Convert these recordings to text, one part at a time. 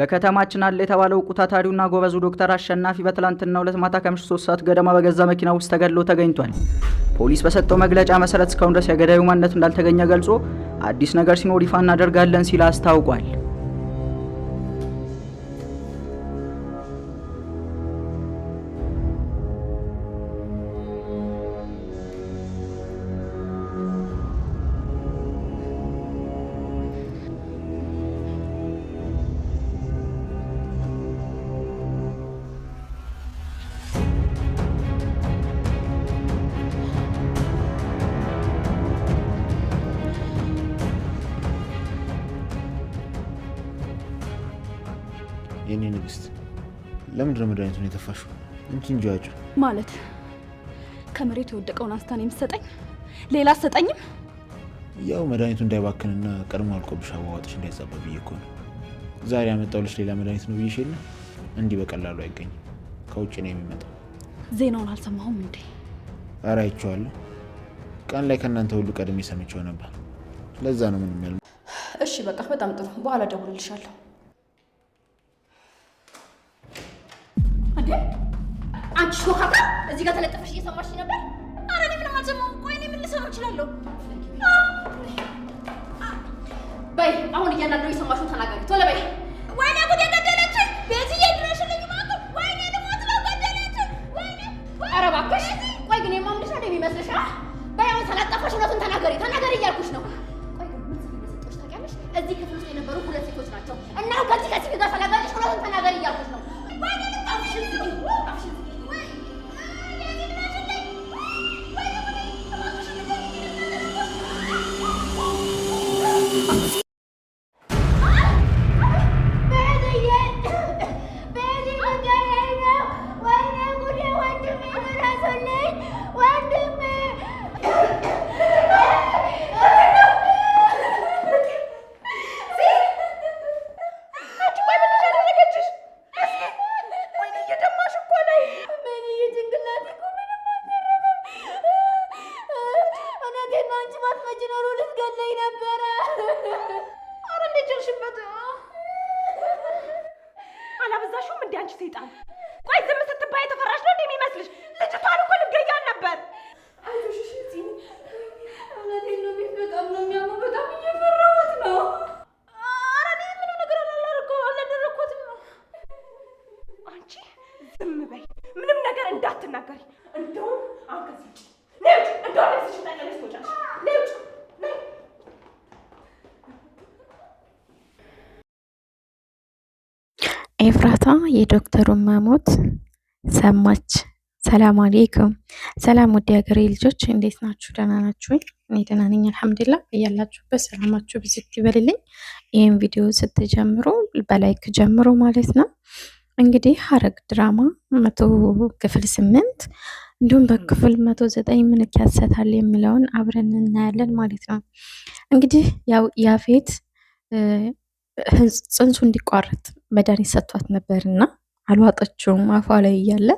በከተማችን አለ የተባለው ቁታታሪውና ጎበዙ ዶክተር አሸናፊ በትላንትና ሁለት ማታ ከምሽቱ ሶስት ሰዓት ገደማ በገዛ መኪና ውስጥ ተገድሎ ተገኝቷል። ፖሊስ በሰጠው መግለጫ መሰረት እስካሁን ድረስ የገዳዩ ማንነት እንዳልተገኘ ገልጾ አዲስ ነገር ሲኖር ይፋ እናደርጋለን ሲል አስታውቋል። የኔ ንግስት፣ ለምንድን ነው መድኃኒቱን የተፋሽው? እንቺ እንጂ ያጩ ማለት ከመሬት የወደቀውን አንስታን የምትሰጠኝ ሌላ አትሰጠኝም። ያው መድኃኒቱ እንዳይባክንና ቀድሞ አልቆብሽ አዋዋጥሽ እንዳይዛባ ብዬ እኮ ነው። ዛሬ ያመጣሁልሽ ሌላ መድኃኒት ነው ብዬሽ የለ። እንዲህ በቀላሉ አይገኝም፣ ከውጭ ነው የሚመጣው። ዜናውን አልሰማሁም እንዴ? ኧረ አይቼዋለሁ። ቀን ላይ ከእናንተ ሁሉ ቀድሜ ሰምቼው ነበር። ለዛ ነው ምንም ያል። እሺ በቃ በጣም ጥሩ። በኋላ ደውልልሻለሁ። አንቺ ሾካካ እዚህ ጋር ተለጠፈሽ እየሰማሽ ነበር። አረ እኔ ምንም አልሰማሁም። ቆይ እኔ ምን ልሰማ እችላለሁ? በይ አሁን እያንዳንዱ የሰማሽው ተናገሪ ቶሎ በይ። ወይኔ ጉዴ ገደለች። ቤትዬ ድረሽልኝ ማለት ወይኔ ልሞት ነው ገደለች። ወይኔ አረ እባክሽ ቆይ ግን የማምንሽ አይደል የሚመስልሽ? በይ አሁን ተለጠፈሽ፣ እውነቱን ተናገሪ ተናገሪ እያልኩሽ ነው። እዚህ ክፍል ውስጥ የነበሩ ሁለት ሴቶች ናቸው እና ከዚህ ከዚህ ጋር ተናገሪ፣ እውነቱን ተናገሪ እያልኩሽ ነው። ምናልባት መጅነሩ ልትገለኝ ነበረ። አረ እንዴት ጀርሽበት? አላበዛሽውም እንዲ አንቺ ሰይጣን! ቆይ ዝም ስትባይ የተፈራሽ ነው እንዴ የሚመስልሽ? ልጅቷን እኮ ልገያል ነበር። በጣም ነው የሚያመው። በጣም እየፈራሁት ነው። አረ እኔ ምንም ነገር አላደረኩትም። አንቺ ዝም ምንም ነገር እንዳትናገሪ። እንደውም አሁን ከዚህ እንደውም ስሽ ጠቀለስ የዶክተሩን መሞት ሰማች። ሰላም አሌይኩም። ሰላም ውድ ሀገሬ ልጆች እንዴት ናችሁ? ደህና ናችሁ ወይ? እኔ ደህና ነኝ አልሐምዱላ። እያላችሁበት ሰላማችሁ ብዙ ይበልልኝ። ይህን ቪዲዮ ስትጀምሩ በላይክ ጀምሩ ማለት ነው። እንግዲህ ሀረግ ድራማ መቶ ክፍል ስምንት እንዲሁም በክፍል መቶ ዘጠኝ ምን ያሰታል የሚለውን አብረን እናያለን ማለት ነው። እንግዲህ ያው ያፌት ጽንሱ እንዲቋረጥ መድኃኒት ሰጥቷት ነበርና አልዋጠችውም አፏ ላይ እያለ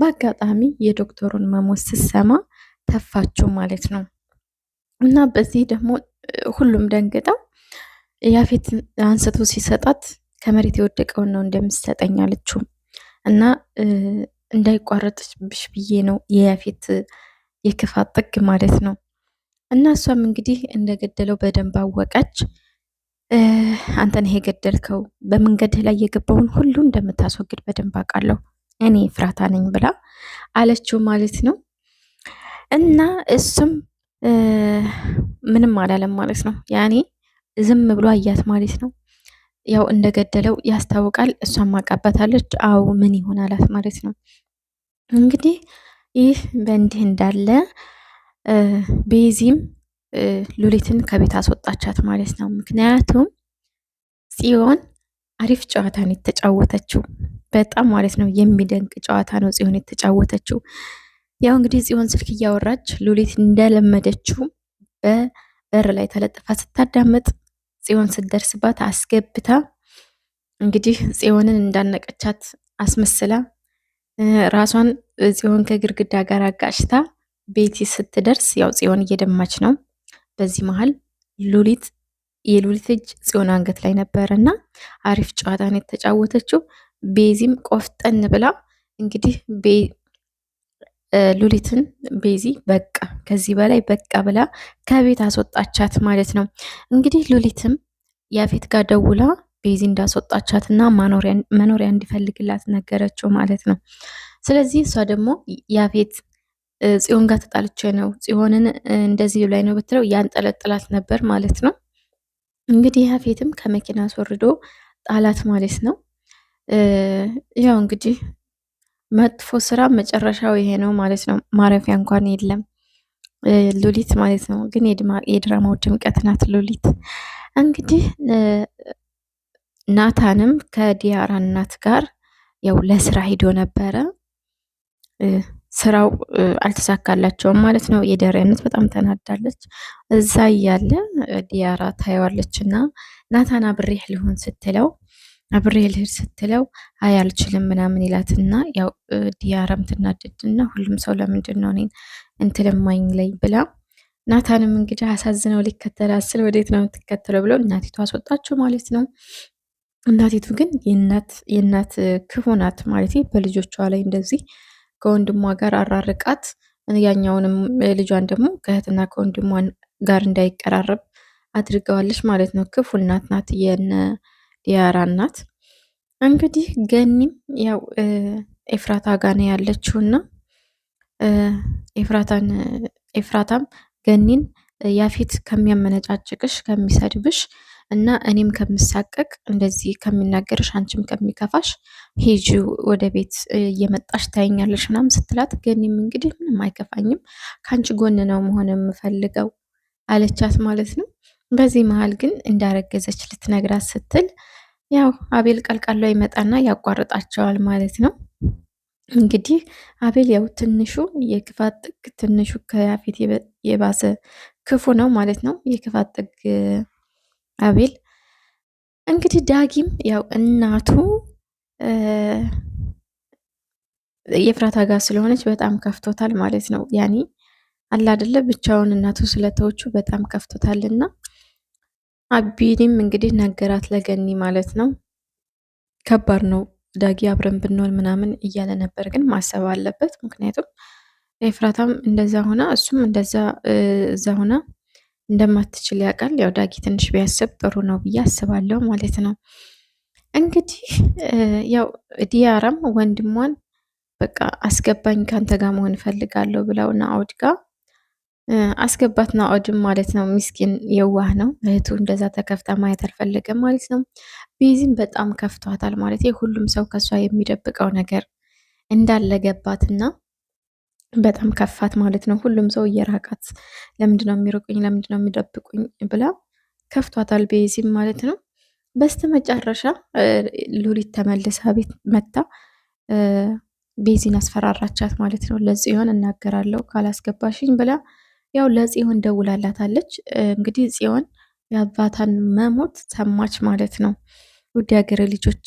በአጋጣሚ የዶክተሩን መሞት ስሰማ ተፋችው ማለት ነው። እና በዚህ ደግሞ ሁሉም ደንግጠው ያፌት አንስቶ ሲሰጣት ከመሬት የወደቀውን ነው እንደምትሰጠኝ አለችው። እና እንዳይቋረጥብሽ ብዬ ነው የያፌት የክፋት ጥግ ማለት ነው። እና እሷም እንግዲህ እንደገደለው በደንብ አወቀች። አንተን ገደልከው በመንገድህ ላይ የገባውን ሁሉ እንደምታስወግድ በደንብ አውቃለሁ እኔ ፍራታ ነኝ ብላ አለችው ማለት ነው። እና እሱም ምንም አላለም ማለት ነው። ያኔ ዝም ብሎ አያት ማለት ነው። ያው እንደገደለው ያስታውቃል። እሷም አቃባታለች። አዎ ምን ይሆን አላት ማለት ነው። እንግዲህ ይህ በእንዲህ እንዳለ ቤዚም ሉሊትን ከቤት አስወጣቻት ማለት ነው። ምክንያቱም ጽዮን አሪፍ ጨዋታን የተጫወተችው በጣም ማለት ነው። የሚደንቅ ጨዋታ ነው ጽዮን የተጫወተችው። ያው እንግዲህ ጽዮን ስልክ እያወራች ሉሊት እንደለመደችው በበር ላይ ተለጥፋ ስታዳምጥ ጽዮን ስትደርስባት አስገብታ እንግዲህ ጽዮንን እንዳነቀቻት አስመስላ ራሷን ጽዮን ከግድግዳ ጋር አጋጭታ ቤቲ ስትደርስ ያው ጽዮን እየደማች ነው። በዚህ መሀል ሉሊት የሉሊት እጅ ጽዮን አንገት ላይ ነበረ እና አሪፍ ጨዋታን የተጫወተችው። ቤዚም ቆፍጠን ብላ እንግዲህ ሉሊትን ቤዚ በቃ ከዚህ በላይ በቃ ብላ ከቤት አስወጣቻት ማለት ነው። እንግዲህ ሉሊትም ያፌት ጋር ደውላ ቤዚ እንዳስወጣቻት እና መኖሪያ እንዲፈልግላት ነገረችው ማለት ነው። ስለዚህ እሷ ደግሞ ያፌት ጽዮን ጋር ተጣልቼ ነው ጽዮንን እንደዚህ ላይ ነው ብትለው ያንጠለጥላት ነበር ማለት ነው። እንግዲህ ያፌትም ከመኪና አስወርዶ ጣላት ማለት ነው። ያው እንግዲህ መጥፎ ስራ መጨረሻው ይሄ ነው ማለት ነው። ማረፊያ እንኳን የለም ሉሊት ማለት ነው። ግን የድራማው ድምቀት ናት ሉሊት። እንግዲህ ናታንም ከዲያራ እናት ጋር ያው ለስራ ሂዶ ነበረ። ስራው አልተሳካላቸውም ማለት ነው። የዳሪያነት በጣም ተናዳለች። እዛ እያለ ዲያራ ታየዋለች እና ናታን አብሬህ ልሆን ስትለው አብሬህ ልሄድ ስትለው አይ አልችልም ምናምን ይላትና ያው ዲያራም ትናደድና ሁሉም ሰው ለምንድን ነው እኔን እንትልማኝ ላይ ብላ ናታንም እንግዲህ አሳዝነው ሊከተል አስል ወዴት ነው የምትከተለው ብለው እናቲቱ አስወጣቸው ማለት ነው። እናቲቱ ግን የእናት ክፉ ናት ማለት በልጆቿ ላይ እንደዚህ ከወንድሟ ጋር አራርቃት ያኛውንም ልጇን ደግሞ ከእህትና ከወንድሟ ጋር እንዳይቀራረብ አድርገዋለች ማለት ነው። ክፉ እናት ናት፣ የነ ዲያራ እናት። እንግዲህ ገኒም ያው ኤፍራታ ጋነ ያለችውና ኤፍራታን ኤፍራታም ገኒን ያፌት ከሚያመነጫጭቅሽ ከሚሰድብሽ እና እኔም ከምሳቀቅ እንደዚህ ከሚናገርሽ አንቺም ከሚከፋሽ ሂጂ ወደ ቤት እየመጣሽ ታይኛለሽ ምናምን ስትላት፣ ገኒም እንግዲህ ምንም አይከፋኝም ከአንቺ ጎን ነው መሆን የምፈልገው አለቻት ማለት ነው። በዚህ መሀል ግን እንዳረገዘች ልትነግራት ስትል ያው አቤል ቀልቃሎ ይመጣና ያቋርጣቸዋል ማለት ነው። እንግዲህ አቤል ያው ትንሹ የክፋት ጥግ ትንሹ ከያፌት የባሰ ክፉ ነው ማለት ነው። የክፋት ጥግ አቤል እንግዲህ ዳጊም ያው እናቱ የፍራታ ጋር ስለሆነች በጣም ከፍቶታል ማለት ነው። ያኔ አላደለ ብቻውን እናቱ ስለተወቹ በጣም ከፍቶታል እና አቢንም እንግዲህ ነገራት ለገኒ ማለት ነው። ከባድ ነው ዳጊ አብረን ብንሆን ምናምን እያለ ነበር፣ ግን ማሰብ አለበት። ምክንያቱም የፍራታም እንደዛ ሆና እሱም እንደዛ እዛ ሆና እንደማትችል ያውቃል። ያው ዳጊ ትንሽ ቢያስብ ጥሩ ነው ብዬ አስባለሁ ማለት ነው። እንግዲህ ያው ዲያራም ወንድሟን በቃ አስገባኝ ካንተ ጋር መሆን እፈልጋለሁ ብለው ናኦድ ጋር አስገባት። ናኦድም ማለት ነው ሚስኪን የዋህ ነው። እህቱ እንደዛ ተከፍታ ማየት አልፈለገም ማለት ነው። ቤዚም በጣም ከፍቷታል ማለት ሁሉም ሰው ከሷ የሚደብቀው ነገር እንዳለ ገባትና በጣም ከፋት ማለት ነው። ሁሉም ሰው እየራቃት ለምንድነው የሚርቁኝ፣ ለምንድነው የሚደብቁኝ ብላ ከፍቷታል ቤዚም ማለት ነው። በስተመጨረሻ ሉሊት ተመልሳ ቤት መታ ቤዚን አስፈራራቻት ማለት ነው። ለጽዮን እናገራለሁ ካላስገባሽኝ ብላ ያው ለጽዮን ደውላላታለች። እንግዲህ ጽዮን የአባታን መሞት ሰማች ማለት ነው። ውድ ሀገር ልጆች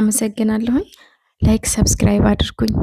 አመሰግናለሁኝ። ላይክ ሰብስክራይብ አድርጉኝ።